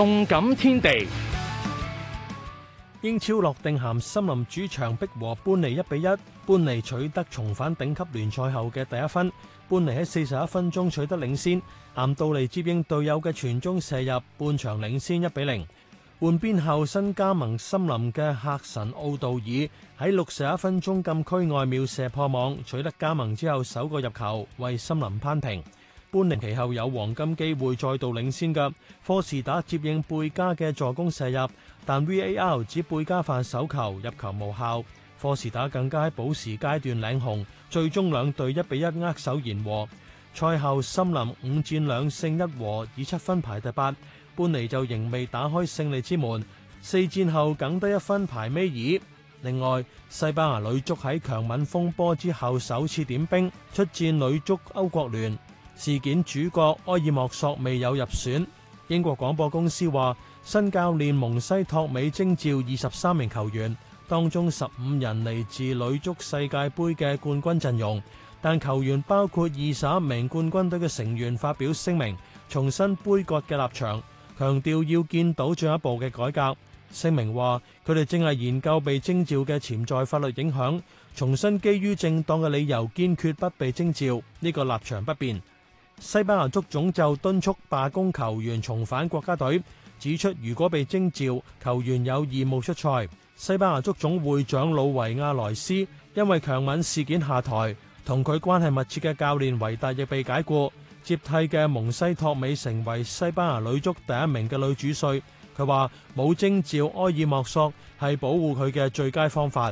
動感天地，英超諾定咸森林主場逼和般尼一比一，般尼取得重返頂級聯賽後嘅第一分。般尼喺四十一分鐘取得領先，岩杜利接應隊友嘅傳中射入，半場領先一比零。換邊後新加盟森林嘅客神奧道爾喺六十一分鐘禁區外妙射破網，取得加盟之後首個入球，為森林扳平。般尼其後有黃金機會，再度領先嘅科士打接應貝加嘅助攻射入但貝，但 VAR 指貝加犯手球入球無效。科士打更加喺補時階段領紅，最終兩隊一比一握手言和。賽後森林五戰兩勝，勝一和，以七分排第八。般尼就仍未打開勝利之門，四戰後僅得一分排尾二。另外，西班牙女足喺強吻風波之後首次點兵出戰女足歐國聯。事件主角埃爾莫索未有入選。英國廣播公司話，新教練蒙西托美徵召二十三名球員，當中十五人嚟自女足世界杯嘅冠軍陣容。但球員包括二十一名冠軍隊嘅成員發表聲明，重申杯葛嘅立場，強調要見到進一步嘅改革。聲明話，佢哋正係研究被徵召嘅潛在法律影響，重新基於正當嘅理由堅決不被徵召，呢個立場不變。西班牙足總就敦促罷工球員重返國家隊，指出如果被徵召，球員有義務出賽。西班牙足總會長魯維亞萊斯因為強吻事件下台，同佢關係密切嘅教練維達亦被解雇，接替嘅蒙西托美成為西班牙女足第一名嘅女主帥。佢話冇徵召埃爾莫索係保護佢嘅最佳方法。